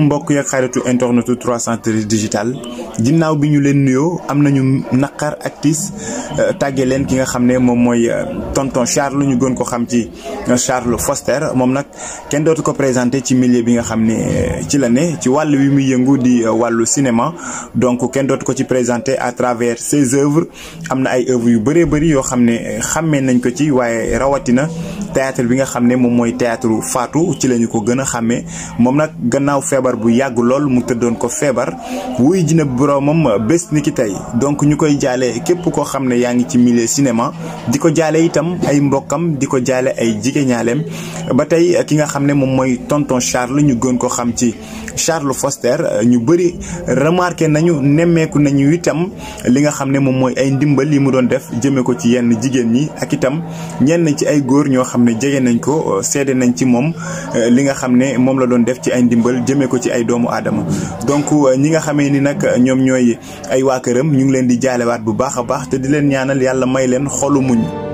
mbokk yeeg xaritu internetu 313 digital ginnaaw bi ñu leen nuyoo am nañu naqar ak tiis euh, tàggee leen ki nga xam ne moom mooy euh, tonton Charles ñu gën ko xam ci euh, Charles Foster moom nag kenn dootu ko présenté ci milieu bi nga xam ne ci la ne ci wàll wi muy yëngu di wàllu cinéma donc kenn dootu ko ci présenté à travers ses œuvres am na ay œuvres yu bëree bëri yoo xam ne xàmmee nañ ko ci waaye rawatina théâtre bi nga xam ne moom mooy théâtre Fatou ci la ko gën a xàmmee feebar bu yàgg lool mu tëddoon ko feebar wuy ji na boroomam bés ni ki tey donc ñu koy jaale képp koo xam ne yaa ngi ci milieu cinéma di ko jaale itam ay mbokkam di ko jaale ay jigéñaaleem ba tey ki nga xam ne moom mooy tonton Charles ñu gën ko xam ci Charles Foster ñu bëri remarqué nañu nemmeeku nañu itam li nga xam ne moom mooy ay ndimbal yi mu doon def jëme ko ci yenn jigéen ñi ak itam ñenn ci ay góor ñoo xam ne jege nañ ko seede nañ ci moom li nga xam ne moom la doon def ci ay ndimbal jëmee ko ci ay doomu aadama donc euh, ñi nga xamee ni nag euh, ñoom ñooy ay waa këram ñu ngi leen di jaalewaat bu baax a baax te di leen ñaanal yàlla may leen xolu muñ